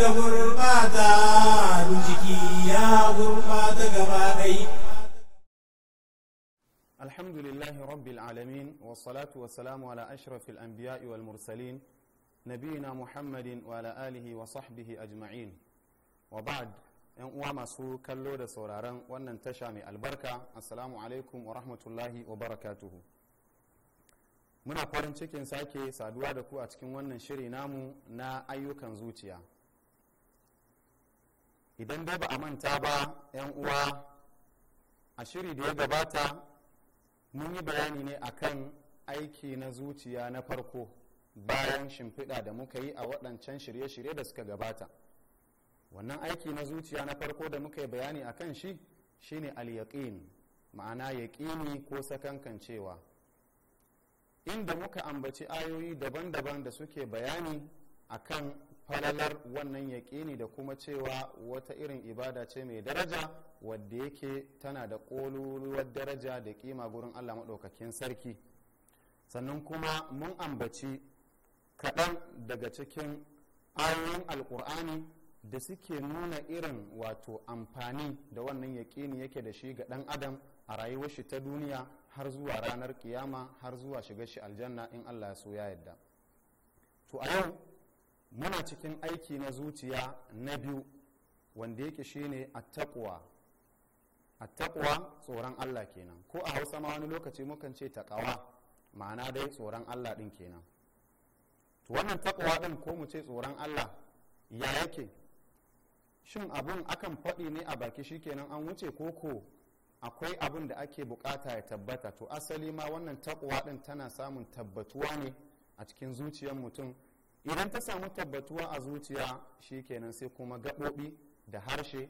da gurbata jiki ya gurbata gaba ɗai الحمد لله رب العالمين والصلاة والسلام على أشرف الأنبياء والمرسلين نبينا محمد وعلى آله وصحبه أجمعين وبعد yan uwa masu kallo da sauraron wannan tasha mai albarka assalamu alaikum wa rahmatullahi wa barakatuhu muna farin cikin sake saduwa da ku a cikin wannan shiri namu na ayyukan zuciya idan dai ba a manta ba 'yan uwa a shiri da ya gabata mun yi bayani ne akan aiki na zuciya na farko bayan shimfiɗa da muka yi a waɗancan shirye-shirye da suka gabata wannan aiki na zuciya na farko da muka yi bayani a kan shi shine al-yaqin ma'ana yaƙini ko sakankancewa inda muka ambaci ayoyi daban-daban da suke bayani akan falalar wannan yaƙini da kuma cewa wata irin ibada ce mai daraja wadda yake tana da ƙoluruwar daraja da ƙima gurin allah maɗaukakin sarki sannan kuma mun ambaci kaɗan daga cikin ayoyin alƙur'ani da suke nuna irin wato amfani da wannan yaƙini yake da shi ga ɗan adam a rayuwar shi ta duniya har zuwa ranar kiyama har zuwa shiga shi aljanna in allah ya so ya yadda to a yau muna cikin aiki na zuciya na biyu wanda yake shine attaqwa attaqwa tsoron Allah kenan ko a Hausa ma wani lokaci mukan ce ta taqawa ma'ana dai tsoron Allah din kenan to wannan taqwa din ko mu ce tsoron Allah ya yake shin abun akan faɗi ne a baki shi kenan an wuce ko ko akwai abun da ake bukata ya tabbata to asali ma wannan taqwa din tana samun tabbatuwa ne a cikin zuciyar mutum idan ta samu tabbatuwa a zuciya shi kenan sai kuma gaɓoɓi da harshe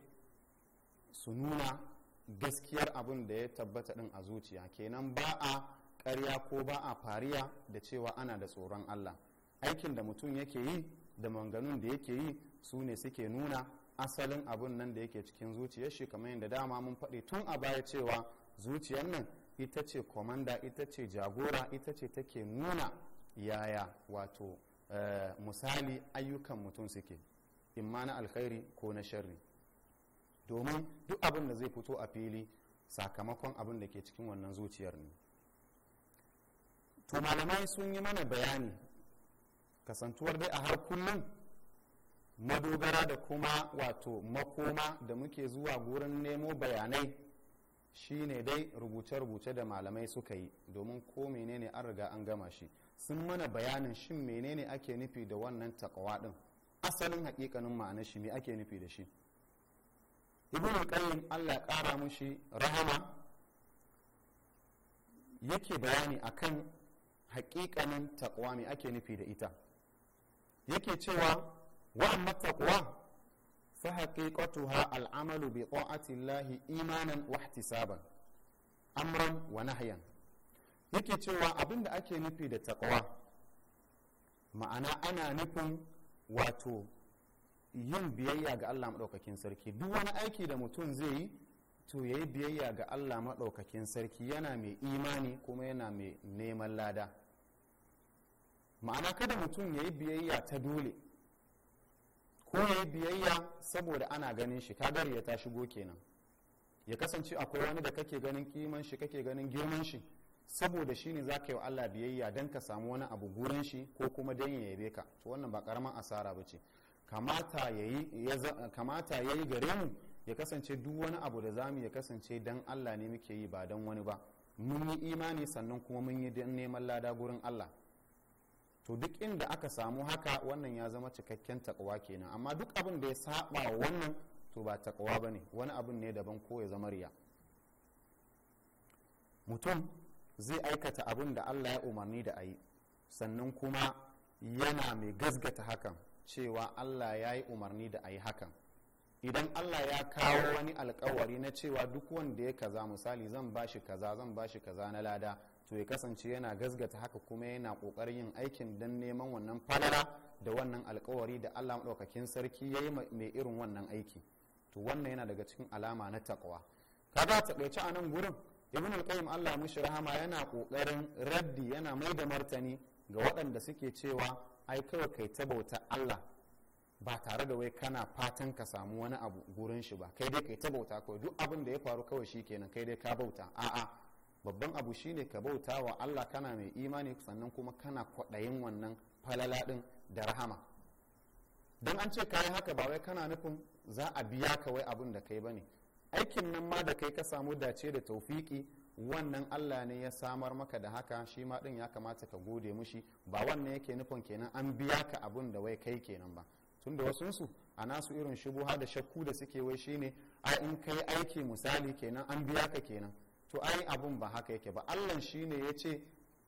su nuna gaskiyar abin da ya tabbata ɗin a zuciya kenan ba a ƙarya ko ba a fariya da cewa ana da tsoron allah aikin da mutum yake yi da manganun da yake yi su ne suke nuna asalin abin nan da yake cikin zuciyar shi kamar yadda dama mun faɗi tun a baya cewa zuciyar nan ita ce komanda ita ce jagora ita ce take nuna yaya wato Eh, misali ayyukan mutum suke imma na alkhairi ko na sharri domin duk abin da zai fito a fili sakamakon abin da ke cikin wannan zuciyar ne to malamai sun yi mana bayani kasantuwar dai a har kullum madogara da kuma wato makoma da muke zuwa gurin nemo bayanai shine dai rubuce-rubuce da malamai suka yi domin ko menene an riga an gama shi sun mana bayanin shin menene ake nufi da wannan takawa din asalin hakikanin ma'anar shi me ake nufi da shi ibn qayyim Allah ya kara mushi rahama yake bayani akan hakikanin taqwa me ake nufi da ita yake cewa wa amma taqwa fa haqiqatuha al'amalu bi ta'ati Allah imanan wa ihtisaban amran wa nahyan yake cewa abin da ake nufi da takawa ma'ana ana nufin wato yin biyayya ga allah maɗaukakin sarki duk wani aiki da mutum zai yi to ya yi biyayya ga allah maɗaukakin sarki yana mai imani kuma yana mai neman lada ma'ana kada mutum ya yi biyayya ta dole ko ya yi biyayya saboda ana ganin shi kagar ya ta shigo kenan ya kasance akwai wani da kake ganin kiman shi kake ganin girman shi saboda shi ne za ka yi wa Allah biyayya don ka samu wani abu gurin shi ko kuma don ya yabe ka to wannan ba karaman asara ba ce kamata ya yi gare mu ya kasance duk wani abu da za mu ya kasance don Allah ne muke yi ba don wani ba mun yi imani sannan kuma mun yi don neman lada gurin Allah to duk inda aka samu haka wannan ya zama cikakken takwa kenan amma duk abin da ya saba wannan to ba takwa bane wani abin ne daban ko ya zama riya mutum zai aikata abin da allah ya umarni da a yi sannan kuma yana mai gasgata hakan cewa allah ya yi umarni da a yi hakan idan allah ya kawo wani alkawari na cewa duk wanda ya kaza misali zan bashi kaza zan bashi kaza na lada to ya kasance yana gasgata haka kuma yana kokarin yin aikin don neman wannan falala da wannan alkawari da allah maɗaukakin sarki ya yi mai irin wannan aiki to wannan yana daga cikin alama na takwa kaga a taɓaici a nan gurin ibn al-qayyim Allah mishi rahama yana kokarin raddi yana mai da martani ga waɗanda suke cewa ai kawai kai ta bauta Allah ba tare da wai kana fatan ka samu wani abu gurin shi ba kai dai kai ta bauta kawai duk abin da ya faru kawai shi kenan kai dai ka bauta a'a babban abu shine ka bauta wa Allah kana mai imani sannan kuma kana kwaɗayin wannan falala din da rahama dan an ce kai haka ba wai kana nufin za a biya ka wai abin da kai bane aikin nan ma da kai ka samu dace da taufiki wannan allah ne ya samar maka da haka shi ma din ya kamata ka gode mushi ba wannan yake nufin kenan an biya ka abun da wai kai kenan ba tunda wasunsu a nasu irin shubuha da shakku da suke wai shine a in kai aiki misali kenan an biya ka kenan to ai abun ba haka yake ba allah shine ya ce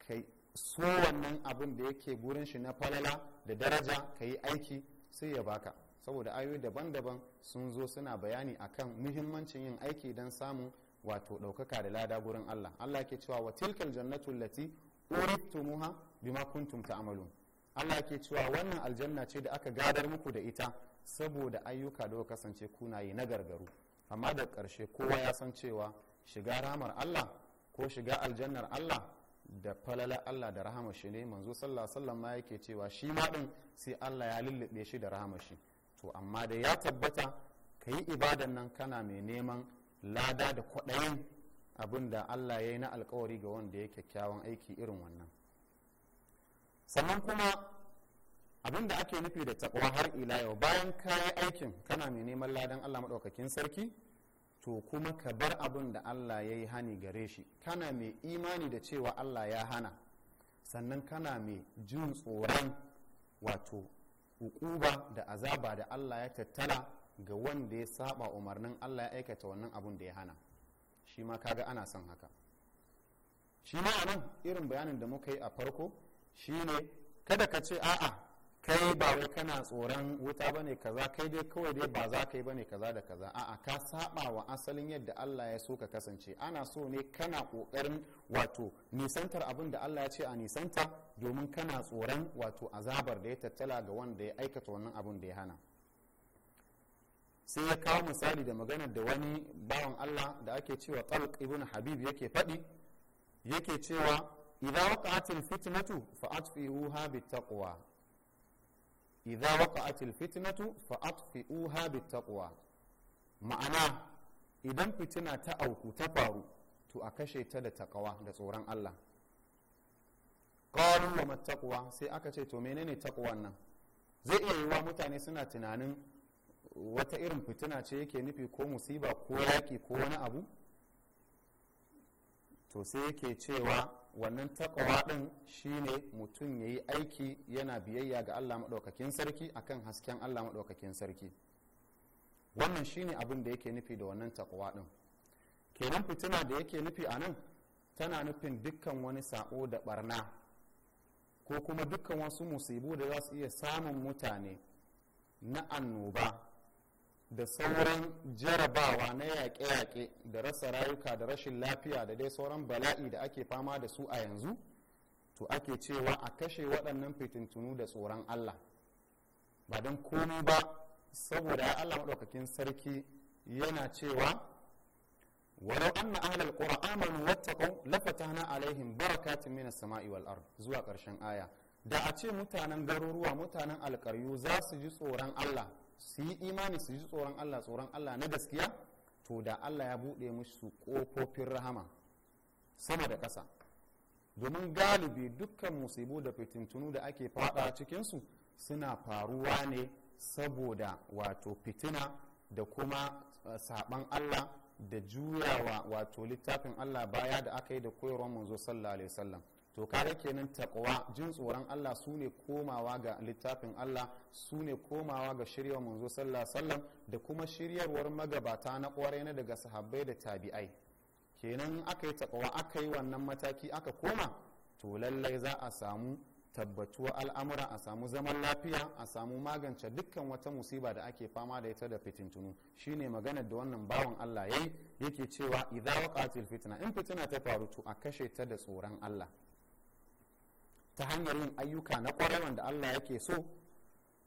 kai so wannan abun da yake gurin shi na falala da daraja ka yi aiki sai ya baka saboda ayoyi daban-daban sun zo suna bayani akan muhimmancin yin aiki don samun wato ɗaukaka da lada gurin Allah Allah ke cewa wa tilkal jannatu lati uriftumuha bima kuntum ta'malun Allah ke cewa wannan aljanna ce da aka gadar muku da ita saboda ayyuka da kasance kuna yi na gargaru amma da ƙarshe kowa ya san cewa shiga ramar Allah ko shiga aljannar Allah da falala Allah da rahama shi ne manzo sallallahu alaihi wasallam ma yake cewa shi ma din sai Allah ya lullube shi da rahama shi to amma da ya tabbata ka yi ibadan nan kana mai neman lada da kwaɗayin abin da allah ya yi na alkawari ga wanda ya kyakkyawan aiki irin wannan sannan kuma abin da ake nufi da takwa har ila yau bayan ka aikin kana mai neman ladan allah maɗaukakin sarki to kuma ka bar abin da allah ya yi hani gare shi kana mai imani da cewa allah ya hana sannan kana mai jin tsoron wato hukuba da azaba da Allah ya tattala ga wanda ya saba umarnin Allah ya aikata wannan abun da ya hana shi ma kaga ana son haka shi ma nan irin bayanin da muka yi a farko shi ne kada ka ce a'a kai ba wai kana tsoron wuta bane kaza kai dai kawai dai ba za ka yi bane kaza da kaza a'a ka saba wa asalin yadda Allah ya so ka kasance ana so ne kana kokarin wato nisantar abin da Allah ya ce a nisanta domin kana tsoron wato azabar da ya tattala ga wanda ya aikata wannan abin da ya hana sai ya kawo misali da maganar da wani bawan Allah da ake cewa Talq ibn Habib yake faɗi yake cewa idza waqa'atil fitnatu fa'atfi'uha bit-taqwa idza waqa'atil fitnatu fa atfi'uha bittaqwa ma'ana idan fitina ta auku ta faru to a kashe ta da takawa da tsoron Allah qalu wa mattaqwa sai aka ce to menene takwan nan zai iya yiwuwa mutane suna tunanin wata irin fitina ce yake nufi ko musiba ko yaki ko wani abu to sai yake cewa wannan takawa din shine mutum ya yi aiki yana biyayya ga allah maɗaukakin sarki akan hasken allah maɗaukakin sarki wannan shine abin da yake nufi da wannan takawa din kenan fitina da yake nufi a nan tana nufin dukkan wani sa'o da barna ko kuma dukkan wasu musibu da za su iya samun mutane na annoba da sauran jarabawa na yaƙe-yaƙe da rasa rayuka da rashin lafiya da dai sauran bala'i da ake fama da su a yanzu to ake cewa a kashe waɗannan fitintunu da tsoron allah ba don komi ba saboda allah maɗaukakin sarki yana cewa Wani anna ahlal qura amanu lafata na alaihim barakatin mina sama'i wal zuwa ƙarshen aya da a ce mutanen garuruwa mutanen alƙaryu za su ji tsoron allah su yi imani su ji tsoron Allah tsoron Allah na gaskiya to da Allah ya buɗe musu ƙofofin rahama sama da ƙasa domin galibi dukkan musibu da fitintunu da ake faɗa cikinsu suna faruwa ne saboda wato fitina da kuma eh, saɓan Allah da juyawa wato littafin Allah baya da aka yi da koyarwar manzo sallallahu alaihi wasallam to kaga kenan takwa jin tsoron Allah su ne komawa ga littafin Allah su ne komawa ga shirya manzo sallallahu sallam da kuma shiryarwar magabata na kware na daga sahabbai da tabi'ai kenan aka yi takwa aka yi wannan mataki aka koma to lallai za a samu tabbatuwa al'amura a samu zaman lafiya a samu magance dukkan wata musiba da ake fama da ita da fitintunu shine maganar da wannan bawan Allah yayi yake cewa idza waqatil fitna in fitina ta faru to a kashe ta da tsoron Allah ta hanyar yin ayyuka na ƙwarai wanda Allah yake so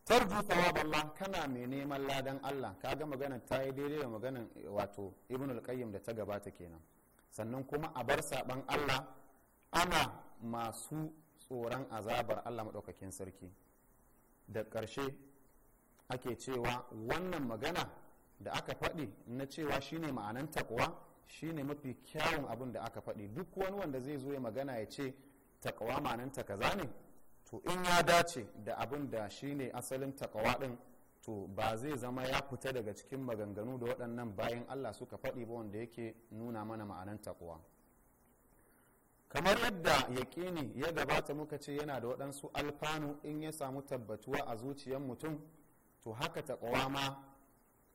tarju thawab kana mai neman ladan Allah kaga magana ta yi daidai da maganar eh, wato Ibn al da ta gabata kenan sannan kuma a bar saban Allah ana masu tsoron azabar Allah maɗaukakin sarki da ƙarshe ake cewa wannan magana da aka faɗi na cewa shine ma'anan takwa shine mafi kyawun abin da aka faɗi duk wani wanda zai zo ya magana ya ce takawa mananta kaza ne to in ya dace da abin da shine asalin takawa din to ba zai zama ya fita daga cikin maganganu da waɗannan bayan allah suka faɗi ba wanda yake nuna mana ma'anan takawa kamar yadda yaƙini ya gabata muka ce yana da waɗansu alfanu in ya samu tabbatuwa a zuciyar mutum to haka takawa ma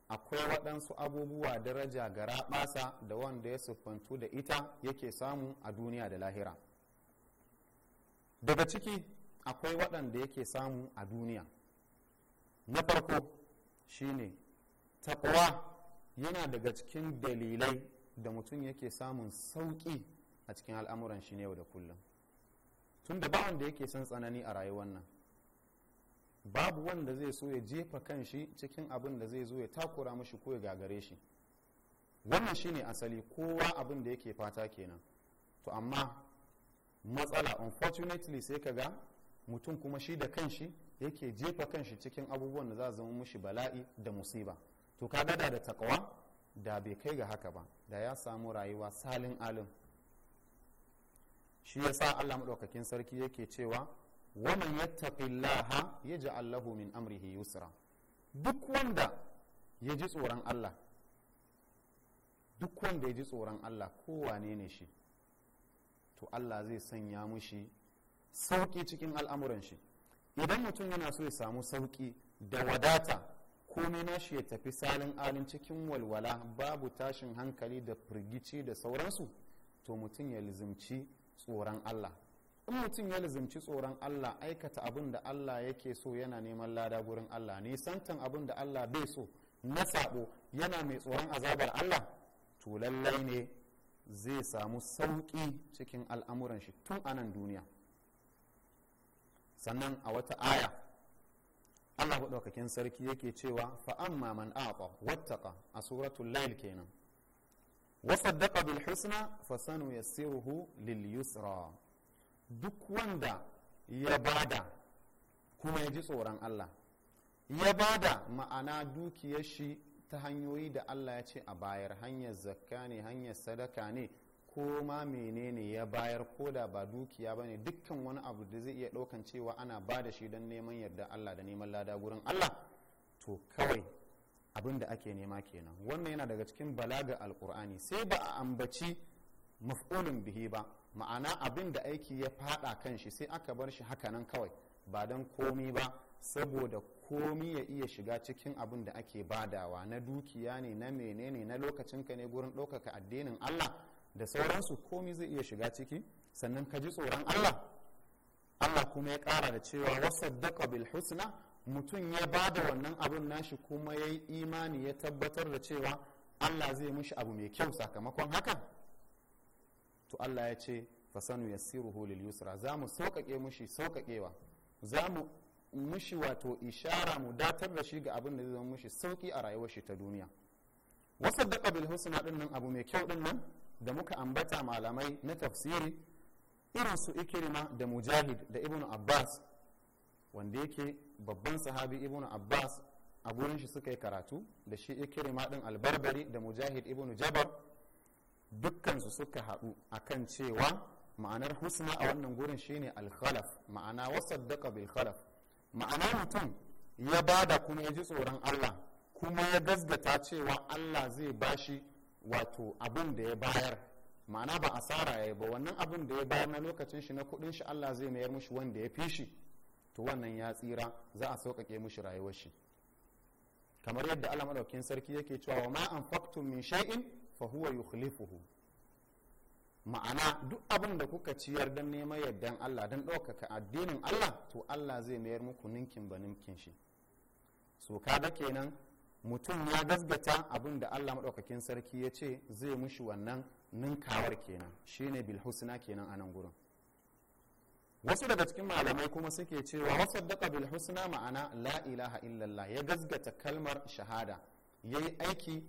akwai waɗansu abubuwa daraja gara ɓasa da wanda ya siffantu da ita yake samu a duniya da lahira daga ciki akwai waɗanda yake samu a duniya na farko shine taɓawa yana daga cikin dalilai da mutum yake samun sauƙi a cikin al'amuran shi ne yau da kullum tun da ba da yake son tsanani a rayuwar nan babu wanda zai so ya jefa kan shi cikin abin da zai zo ya takura mashi ko ya gagare shi wannan shine asali kowa abin da yake fata kenan to amma matsala unfortunately sai ka ga mutum kuma shi da kanshi yake jefa kanshi cikin abubuwan da za a zama mushi bala'i da musiba to ka gada da takawa da bai kai ga haka ba da ya samu rayuwa salin alim shi yasa Allah maɗaukakin sarki yake cewa waman yattaqillaha yaj'al lahu min amrihi yusra duk wanda ya ji tsoron Allah duk wanda ya ji tsoron Allah kowane ne shi to Allah zai sanya mushi sauƙi cikin al'amuran shi idan mutum yana so ya samu sauƙi da wadata komai nashi ya tafi salin alin cikin walwala babu tashin hankali da firgici da sauransu to mutum ya lizimci tsoron Allah in mutum ya lizimci tsoron Allah aikata abin da Allah yake so yana neman lada gurin Allah nisantan abin da Allah bai so na sabo yana mai tsoron azabar Allah to lallai ne zai samu sauƙi cikin al'amuran shi tun anan duniya sannan a wata aya Allah ɗaukakin sarki yake cewa fa'amma man aqa ka a suratul lail kenan wasu saddaqa bil husna fa sanu yassiruhu lil yusra duk wanda ya bada kuma ya ji tsoron Allah ya bada ma'ana dukiyar shi ta hanyoyi da allah ya ce a bayar hanyar zakka ne hanyar sadaka ne ko ma menene ya bayar ko da ba dukiya ba ne dukkan wani abu da zai iya ɗaukan cewa ana ba da shi don neman yarda allah da neman lada gurin allah to kawai abin da ake nema kenan wannan yana daga cikin balaga alkur'ani sai ba a ambaci maf'ulun bihi ba ma'ana abin da aiki ya faɗa kan shi sai aka bar shi haka nan kawai ba don komi ba saboda komi ya iya shiga cikin abin da ake badawa na dukiya ne na menene na lokacinka ne gurin ɗaukaka addinin Allah da sauransu komi zai iya shiga ciki sannan ka ji tsoron Allah Allah kuma ya ƙara da cewa wasaddaqa bil husna mutum ya bada wannan abin nashi kuma ya yi imani ya tabbatar da cewa Allah zai mishi abu mai kyau sakamakon haka to Allah ya ce fasanu yassiruhu lil yusra za mu sauƙaƙe mushi sauƙaƙewa za mu mushi wato ishara mu datar da shi ga abin da zai zama mushi sauki a rayuwar shi ta duniya wasu daga bil husna din nan abu mai kyau din nan da muka ambata malamai na tafsiri irin su ikirma da mujahid da ibnu abbas wanda yake babban sahabi ibnu abbas a gurin shi suka yi karatu da shi ikirma din albarbari da mujahid ibnu jabar dukkansu suka haɗu akan cewa ma'anar husna a wannan gurin shine khalaf ma'ana wasaddaka bil khalaf ma'ana mutum ya ba da kuma ya ji tsoron allah kuma ya gasgata cewa allah zai bashi wato abin da ya bayar ma'ana ba asara ya yi ba wannan abin da ya bayar na lokacin shi na kudin shi allah zai mayar mushi wanda ya fi shi to wannan ya tsira za a sauƙaƙe mushi rayuwar shi kamar yadda allah madaukin sarki yake cewa wa ma an min shay'in fa huwa yukhlifuhu ma'ana duk abin da kuka ciyar don neman yardan Allah don ɗaukaka addinin Allah to Allah zai mayar muku ninkin ba ninkin shi so kaga kenan mutum ya gasgata abin da Allah maɗaukakin sarki ya ce zai mushi wannan ninkawar kenan shine bilhusna kenan a nan gurin wasu daga cikin malamai kuma suke cewa wasu daga bilhusna ma'ana la ilaha illallah ya gasgata kalmar shahada ya yi aiki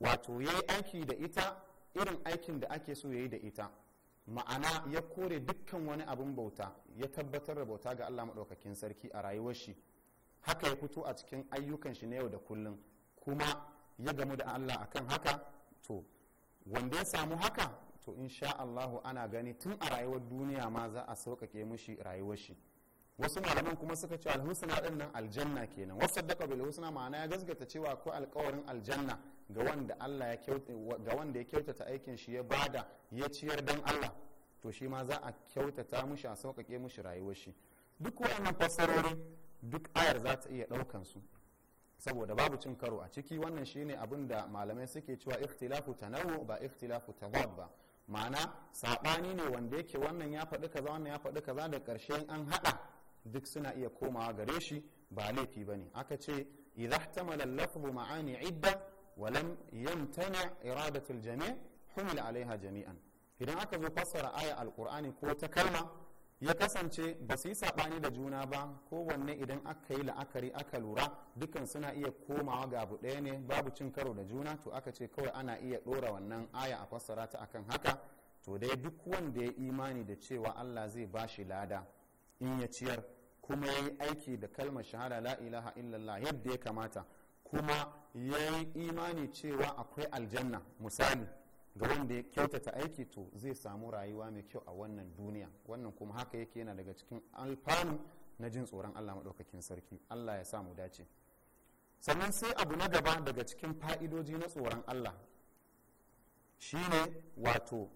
wato ya yi aiki da ita irin aikin da ake so ya yi da ita ma'ana ya kore dukkan wani abin bauta ya tabbatar da bauta ga allah maɗaukakin sarki a rayuwar shi haka ya fito a cikin ayyukan shi na yau da kullum kuma ya gamu da allah akan haka to wanda ya samu haka to insha allahu ana gani tun a rayuwar duniya ma za a sauƙaƙe mushi rayuwar shi wasu malaman kuma suka ce alhusna din nan aljanna kenan wasu saddaqa bil husna ma'ana ya gaskata cewa ko alkawarin aljanna ga wanda Allah ya kyautata ga wanda ya kyautata aikin shi ya bada ya ciyar dan Allah to shi ma za a kyautata mushi a sauƙaƙe mushi rayuwar shi duk waɗannan fasarori duk ayar za ta iya ɗaukan su saboda babu cin karo a ciki wannan shine abin da malamai suke cewa ikhtilafu tanawu ba ikhtilafu tadabba ma'ana sabani ne wanda yake wannan ya faɗi kaza wannan ya faɗi kaza da ƙarshen an haɗa duk suna iya komawa gare shi ba laifi ba ne aka ce idha ihtamala lafzu ma'ani idda wa lam yamtani iradatu al-jami' humila alaiha jami'an idan aka zo fassara aya alkur'ani ko ta kalma ya kasance ba su yi saɓani da juna ba ko wanne idan aka yi la'akari aka lura dukkan suna iya komawa ga abu ɗaya ne babu cin karo da juna to aka ce kawai ana iya ɗora wannan aya a fassara ta akan haka to dai duk wanda ya imani da cewa allah zai bashi lada in ya ciyar kuma ya yi aiki da kalmar shahada la ilaha illallah yadda ya kamata kuma ya yi imani cewa akwai aljanna misali ga wanda ya kyautata aiki to zai samu rayuwa mai kyau a wannan duniya wannan kuma haka yake yana daga cikin alfanu na jin tsoron allah maɗaukakin sarki allah ya samu dace sannan sai abu na gaba daga cikin fa'idoji na tsoron allah shine wato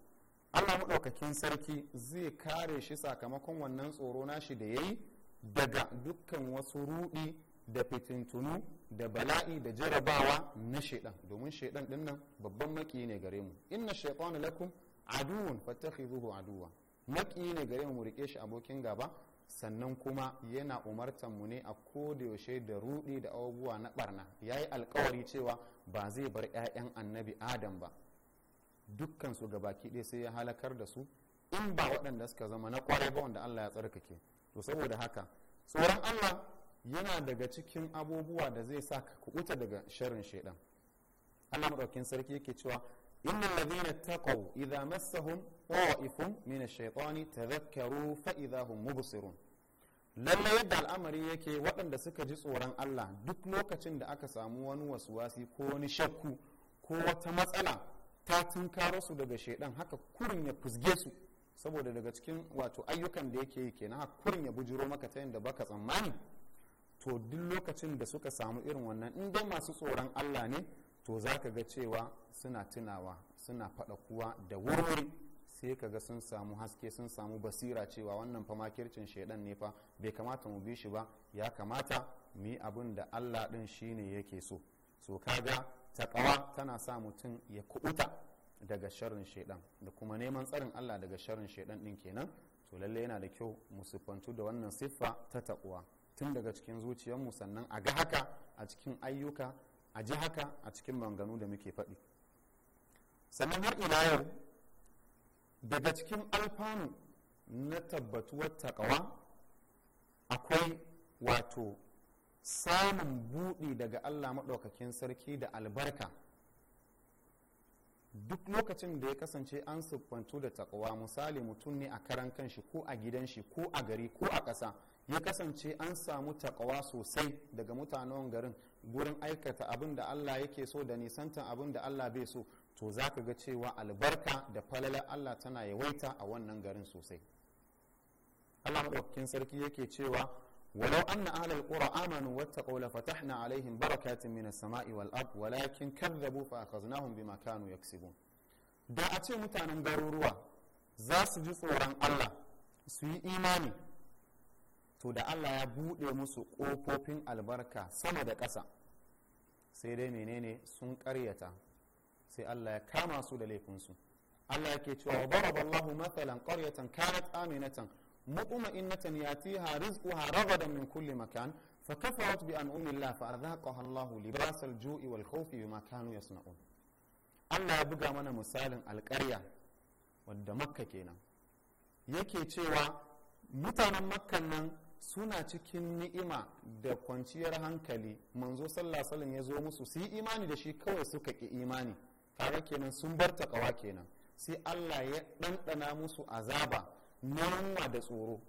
allah maɗaukakin sarki zai kare shi sakamakon wannan tsoro nashi da ya yi daga dukkan wasu rudi da fitintunu da bala'i da jarabawa na shaidan domin shaidan din nan babban maki ne gare mu inna shaytana lakum aduwun fattakhidhuhu aduwa maki ne gare mu rike shi abokin gaba sannan kuma yana umartan mu ne a koda yaushe da rudi da abubuwa na barna yayi alkawari cewa ba zai bar ƴaƴan annabi adam ba dukkan su gabaki ɗaya sai ya halakar da su in ba waɗanda suka zama na ƙwarai ba wanda Allah ya tsarkake to saboda haka tsoron allah yana daga cikin abubuwa da zai sa ka kuɓuta daga sharin shaidan allah maɗaukin sarki yake cewa inna alladhina taqaw idza massahum ta'ifun min ash-shaytani tadhakkaru fa idza hum mubsirun lallai yadda al'amari yake waɗanda suka ji tsoron Allah duk lokacin da aka samu wani wasi ko wani shakku ko wata matsala ta tunkaro su daga shaidan haka kurin ya fusge su saboda daga cikin wato ayyukan da yake yi kenan kurin ya bujiro maka ta yadda baka tsammani to duk lokacin da suka samu irin wannan in dai masu tsoron Allah ne to za ka ga cewa suna tunawa suna faɗa kuwa da wuri sai ka ga sun samu haske sun samu basira cewa wannan fa makircin shaidan ne fa bai kamata mu bi shi ba ya kamata mu abin da Allah din shine yake so so kaga takawa tana sa mutum ya kubuta daga sharrin shaidan da kuma neman tsarin Allah daga sharrin shaidan din kenan to lalle yana da kyau mu siffantu da wannan siffa ta taƙuwa tun daga cikin zuciyar mu sannan a ga haka a cikin ayyuka a ji haka a cikin manganu da muke faɗi sannan har ila yau daga cikin alfanu na tabbatuwar taƙawa akwai wato samun buɗi daga allah maɗaukakin sarki da albarka duk lokacin da ya kasance an siffantu da takawa misali mutum ne a karan kanshi ko a gidan shi ko a gari ko a ƙasa ya kasance an samu takawa sosai daga mutanen garin gurin aikata abin da allah yake so da nisantan abin da allah bai so to za ka ga cewa albarka da falalar allah tana yawaita a wannan garin sosai allah sarki yake cewa ولو أن أهل القرى آمنوا واتقوا لفتحنا عليهم بركات من السماء والأرض ولكن كذبوا فأخذناهم بما كانوا يكسبون da a ce mutanen garuruwa za su ji tsoron Allah su yi imani to da Allah ya buɗe musu ƙofofin albarka sama da ƙasa sai dai menene sun ƙaryata sai Allah ya kama su da laifinsu Allah yake cewa wa daraballahu mathalan qaryatan kanat aminatan مطمئنة يأتيها رزقها رغدا من كل مكان فكفرت بأنعم الله فأرزاقها الله لباس الجوع والخوف بما كانوا يصنعون Allah ya buga mana misalin alƙarya wadda makka kenan yake cewa mutanen makkan nan suna cikin ni'ima da kwanciyar hankali manzo sallallahu ya zo musu su yi imani da shi kawai suka ki imani kaga kenan sun bar takawa kenan sai Allah ya ɗanɗana musu azaba na yunwa da tsoro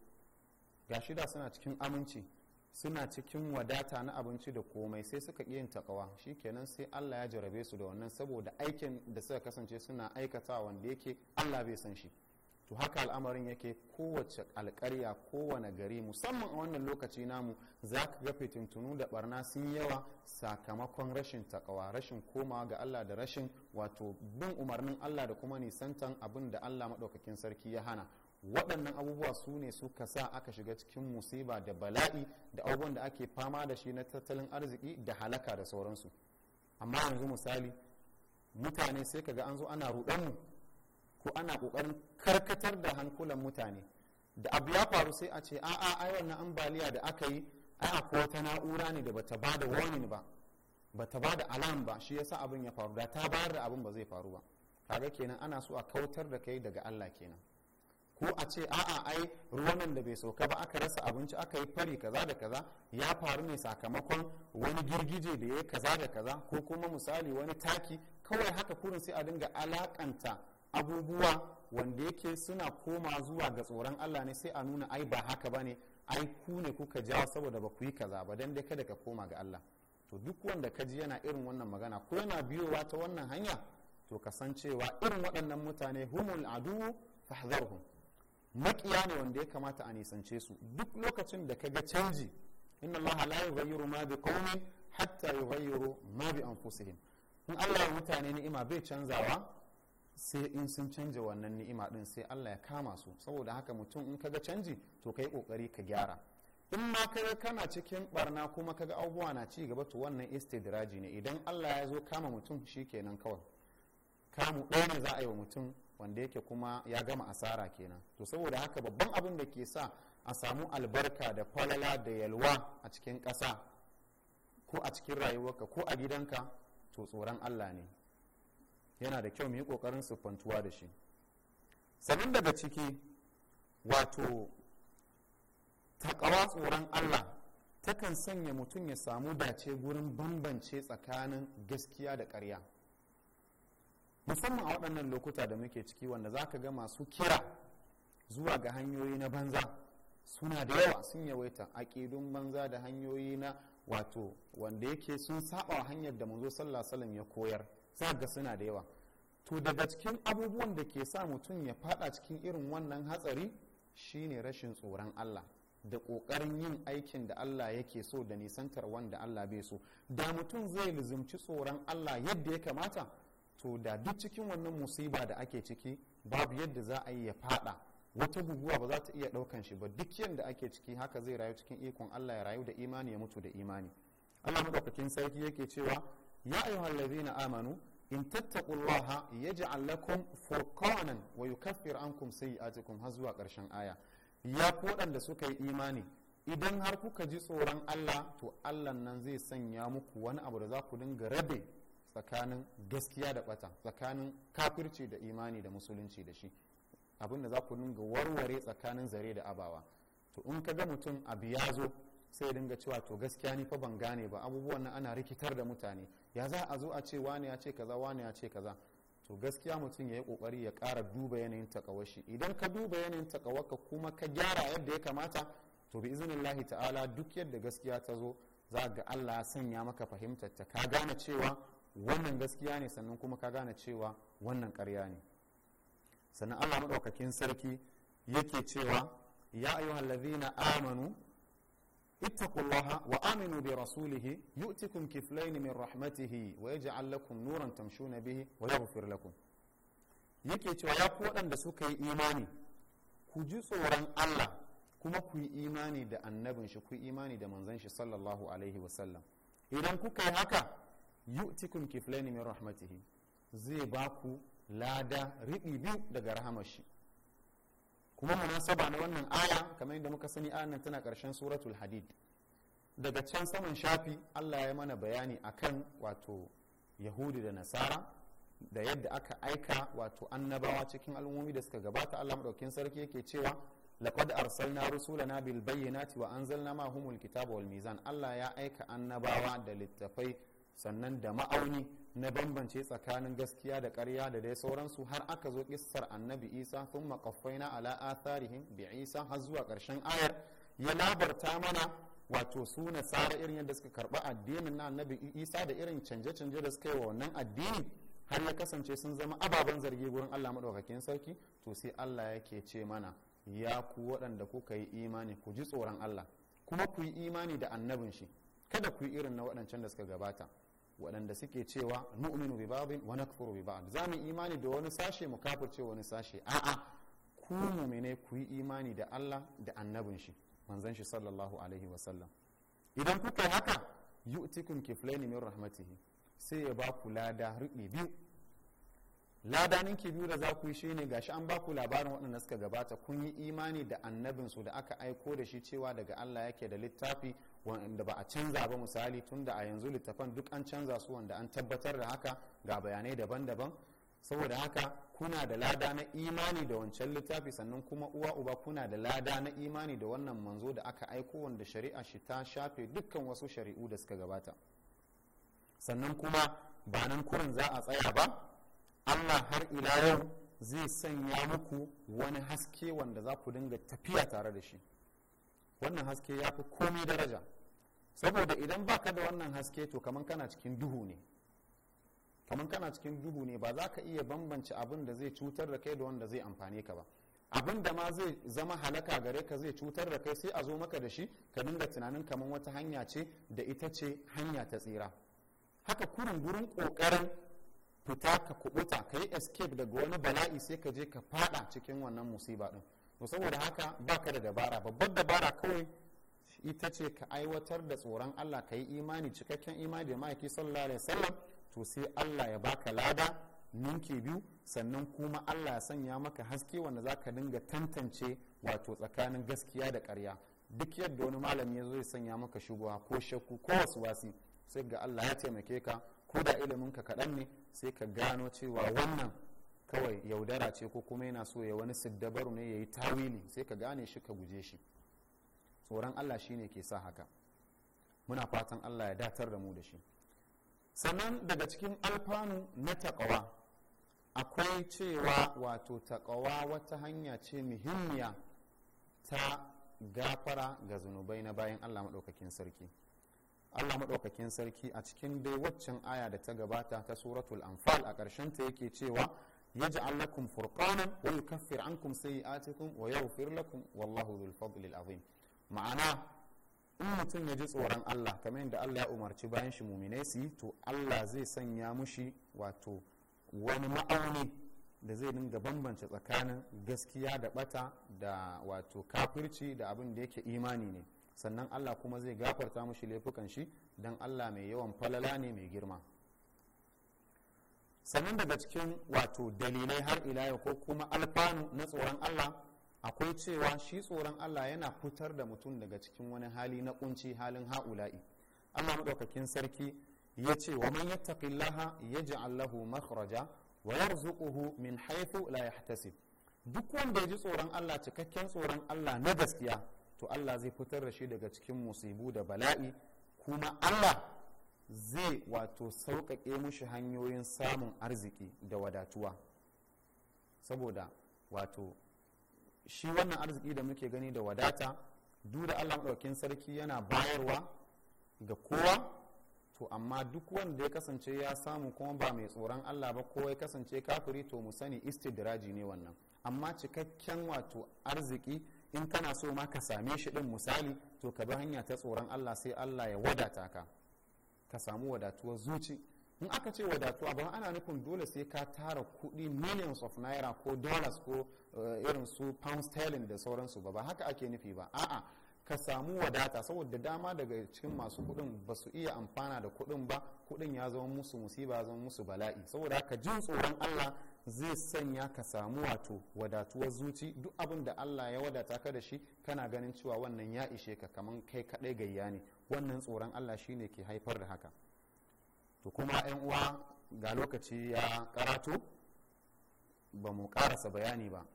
ga shida suna cikin aminci suna cikin wadata na abinci da komai sai suka yin takawa kenan sai Allah ya jarabe su da wannan saboda aikin da suka kasance suna aikata wanda yake Allah bai san shi to haka al'amarin yake kowace alkarya kowane gari musamman a wannan lokaci namu za ka ga fitintunu da barna sun yawa sakamakon rashin takawa rashin komawa ga allah da rashin wato bin umarnin allah da kuma nisantan abin da allah maɗaukakin sarki ya hana waɗannan abubuwa su ne suka sa aka shiga cikin musiba da bala'i da abubuwan da ake fama da shi na tattalin arziki da halaka da sauransu amma yanzu misali mutane sai ka ga an zo ana ruɗanmu ko ana ƙoƙarin karkatar da hankulan mutane da abu ya faru sai a ce a'a ai wannan ambaliya da aka yi ai ko wata na'ura ne da bata bada warning ba bata bada alam ba shi yasa abin ya faru da ta bayar da abin ba zai faru ba kaga kenan ana so a kautar da kai daga Allah kenan ko a ce a'a ai ruwan nan da bai sauka ba aka rasa abinci aka yi fari kaza da kaza ya faru ne sakamakon wani girgije da ya yi kaza da kaza ko kuma misali wani taki kawai haka kurin sai a dinga alakanta abubuwa wanda yake suna koma zuwa ga tsoron Allah ne sai a nuna ai ba haka ba ne ai ku ne kuka jawo saboda ba ku yi kaza ba dan dai kada ka koma ga Allah to duk wanda ka ji yana irin wannan magana ko yana biyowa ta wannan hanya to kasancewa irin waɗannan mutane humul adu fahzarhum Makiya ne wanda ya kamata a nisance su duk lokacin da ka ga canji inna Allah la yughayyiru ma bi qaumin hatta yughayyiru ma bi anfusihim in Allah ya mutane ni'ima bai canza ba sai in sun canja wannan ni'ima din sai Allah ya kama su saboda haka mutum in kaga canji to kai kokari ka gyara in ma kaga kana cikin barna kuma kaga abubuwa na ci gaba to wannan istidraji ne idan Allah ya zo kama mutum shikenan kawai kamu ɗaya ne za a yi wa mutum wanda yake kuma ya gama asara kenan to saboda haka babban abin da ke sa a samu albarka da falala da yalwa a cikin ƙasa ko a cikin rayuwarka ko a gidanka to tsoron allah ne yana da kyau mu yi ƙoƙarin siffantuwa da shi sannan daga ciki wato takawa tsoron allah takan sanya mutum ya samu dace gurin bambance tsakanin gaskiya da ƙarya musamman a waɗannan lokuta da muke ciki wanda za ka ga masu kira zuwa ga hanyoyi na banza suna da yawa sun yawaita aƙidun banza da hanyoyi na wato wanda yake sun saba hanyar da manzo sallallahu ya koyar za ga suna da yawa to daga cikin abubuwan da ke sa mutum ya fada cikin irin wannan hatsari shine rashin tsoron Allah da ƙoƙarin yin aikin da Allah yake so da nisantar wanda Allah bai so da mutum zai lizumci tsoron Allah yadda ya kamata to da duk cikin wannan musiba da ake ciki babu yadda za a yi ya fada wata guguwa ba za ta iya daukan shi ba duk yadda ake ciki haka zai rayu cikin ikon Allah ya rayu da imani ya mutu da imani Allah madaukakin sarki yake cewa ya ayyuhallazina amanu in tattaqullaha yaj'al lakum furqanan wa yukaffir ankum sayi'atikum har zuwa karshen aya ya ku waɗanda suka yi imani idan har kuka ji tsoron Allah to Allah nan zai sanya muku wani abu da za ku dinga rabe tsakanin gaskiya da bata tsakanin kafirci da imani da musulunci da shi abinda za ku ga warware tsakanin zare da abawa to in ka ga mutum a ya zo sai dinga cewa to gaskiya ni fa ban gane ba abubuwan nan ana rikitar da mutane ya za a zo a ce wane ya ce kaza wane ya ce kaza to gaskiya mutum ya yi kokari ya kara duba yanayin takawashi idan ka duba yanayin takawaka kuma ka gyara yadda ya kamata to bi iznillahi ta'ala duk yadda gaskiya ta zo za ga Allah ya sanya maka fahimtar ta ka gane cewa wannan gaskiya ne sannan kuma ka gane cewa wannan karya ne sannan allah maɗaukakin sarki yake cewa ya ayyuhal ladhina amanu ittaqullaha wa aminu bi rasulihi yu'tikum kiflayn min rahmatihi wa yaj'al lakum nuran tamshuna bihi wa yaghfir lakum yake cewa ya ku waɗanda suka yi imani ku ji tsoron Allah kuma ku yi imani da annabin shi ku yi imani da manzon shi sallallahu alaihi sallam idan kuka yi haka yu'tikum kiflaini min rahmatihi zai ba ku lada riɓi biyu daga rahamar shi kuma munasaba na wannan aya kamar yadda muka sani ayan tana karshen suratul hadid daga can saman shafi Allah ya mana bayani akan wato yahudi da nasara da yadda aka aika wato annabawa cikin al'ummomi da suka gabata Allah madaukakin sarki yake cewa laqad arsalna rusulana bil bayyinati wa anzalna ma humul kitaba wal mizan Allah ya aika annabawa da littafai sannan da ma'auni na bambance tsakanin gaskiya da ƙarya da dai sauransu har aka zo ƙissar annabi isa sun na ala atharihim bi isa har zuwa ƙarshen ayar ya labarta mana wato su tsara irin yadda suka karɓi addinin na annabi isa da irin canje-canje da suka yi wa wannan addini har ya kasance sun zama ababen zargi gurin allah maɗaukakin sarki to sai allah yake ce mana ya ku waɗanda kuka yi imani ku ji tsoron allah kuma ku yi imani da annabin shi kada ku yi irin na waɗancan da suka gabata waɗanda suke cewa nu'minu bi ba'dhin wa nakfuru bi ba'd za mu imani da wani sashe mu kafirce wani sashe a'a ku mu'mine ku yi imani da Allah da annabin shi manzon shi sallallahu alaihi wa sallam idan kuka haka yu'tikum kiflaini min rahmatihi sai ya ba ku lada riɓi biyu lada ninki biyu da za ku yi shine gashi an ba ku labarin waɗanda suka gabata kun yi imani da annabinsu da aka aiko da shi cewa daga Allah yake da littafi wanda ba a canza ba misali tun da a yanzu littafan duk an canza su wanda an tabbatar da haka ga bayanai daban-daban saboda haka kuna da lada na imani da wancan littafi sannan kuma uwa uba kuna da lada na imani da wannan manzo da aka aiko wanda shari'a shi ta shafe dukkan wasu shari'u da suka gabata sannan kuma ba nan kurin za a tsaya ba allah har ila yau zai sanya muku wani haske wanda za ku dinga tafiya tare da shi wannan haske ya fi komai daraja saboda idan baka da wannan haske to kamar kana cikin duhu ne kamar kana cikin duhu ne ba za ka iya bambance abin da zai cutar da kai da wanda zai amfane ka ba abin da ma zai zama halaka gare ka zai cutar da kai sai a zo maka da shi ka dinga tunanin kamar wata hanya ce da ita ce hanya ta tsira haka kurin gurin kokarin fita ka kubuta ka yi escape daga wani bala'i sai ka je ka fada cikin wannan musiba din saboda haka ba ka da dabara babbar dabara kawai ita ce ka aiwatar da tsoron Allah ka yi imani cikakken imani da ma'aiki sallallahu alaihi wasallam to sai Allah ya baka lada ninki biyu sannan kuma Allah ya sanya maka haske wanda zaka dinga tantance wato tsakanin gaskiya da karya duk yadda wani malami ya zo ya sanya maka shubuwa ko shakku ko wasu wasi sai ga Allah ya taimake ka ko da ilimin ka kaɗan ne sai ka gano cewa wannan kawai yaudara ce ko kuma yana so ya wani siddabaru ne ya yi tawili sai ka gane shi ka guje shi tsoron allah shine ke sa haka muna fatan allah ya datar da mu da shi sannan daga cikin alfanu na taƙawa akwai cewa wato taƙawa wata hanya ce muhimmiya ta gafara ga zunubai na bayan allah maɗaukakin sarki allah maɗaukakin sarki a cikin dai waccan aya da ta gabata ta suratul anfal a ƙarshen ta yake cewa yaj'al lakum furqanan wa yukaffir ankum sayi'atikum wa yaghfir lakum wallahu dhul fadli azim ma'ana in mutum ya ji tsoron Allah kamar yadda Allah ya umarci bayan shi muminai su yi to Allah zai sanya mushi wato wani ma'auni da zai dinga bambance tsakanin gaskiya da bata da wato kafirci da abin da yake imani ne sannan Allah kuma zai gafarta mushi laifukan shi dan Allah mai yawan falala ne mai girma sannan daga cikin wato dalilai har ila yau ko kuma alfanu na tsoron allah akwai cewa shi tsoron allah yana fitar da mutum daga cikin wani hali na kunci halin ha'ula'i allah maɗaukakin sarki ya ce wa man yattaqillaha yaj'al lahu makhraja wa yarzuquhu min haythu la yahtasib duk wanda ya ji tsoron Allah cikakken tsoron Allah na gaskiya to Allah zai fitar da shi daga cikin musibu da bala'i kuma Allah zai wato sauƙaƙe mushi hanyoyin samun arziki da wadatuwa saboda wato shi wannan arziki da muke gani da wadata duk da allah maɗaukin sarki yana bayarwa ga kowa to amma duk wanda ya kasance ya samu kuma ba mai tsoron allah ba ko ya kasance kafiri to mu sani istidraji ne wannan amma cikakken wato arziki in kana so ma ka same shi din misali to ka bi hanya ta tsoron allah sai allah ya wadata ka ka samu wadatuwar zuci in aka ce wadatuwa ba ana nufin dole sai ka tara kudi millions of naira ko dollars ko eh, irin su pound sterling da sauransu ba ba haka ake nufi ba a'a ka samu wadata saboda dama daga cikin masu kuɗin ba su iya amfana da kuɗin ba kuɗin ya zama musu musiba ya zama musu bala'i saboda haka jin tsoron Allah zai sanya ka samu wato wadatuwar zuci duk abin da allah ya wadata ka da shi kana ganin cewa wannan ya ishe ka kamar kai kadai gayya ne wannan tsoron allah shine ke haifar da haka to kuma yan uwa ga lokaci ya karato ba mu karasa bayani ba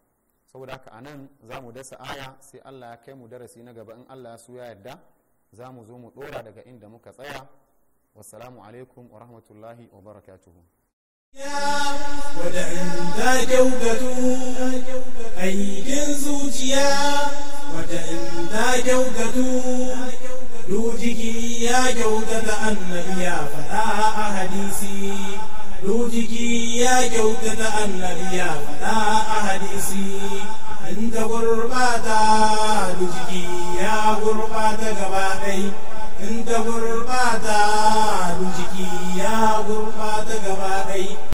saboda haka a nan za mu dasa aya sai allah ya kai mu darasi na gaba in allah ya so ya yarda za mu zo mu ɗora daga inda muka tsaya wasalamu alaikum wa rahmatullahi wa barakatuhu wadanda kyautatu aikin zuciya wadanda kyautatu dujiki ya kyautata da ya faɗa a hadisi dujiki ya kyautata annabi ya faɗa a hadisi an ta gurbata dujiki ya gurbata gaba ɗai in ta gurbata dujiki ya gurbata gaba ɗai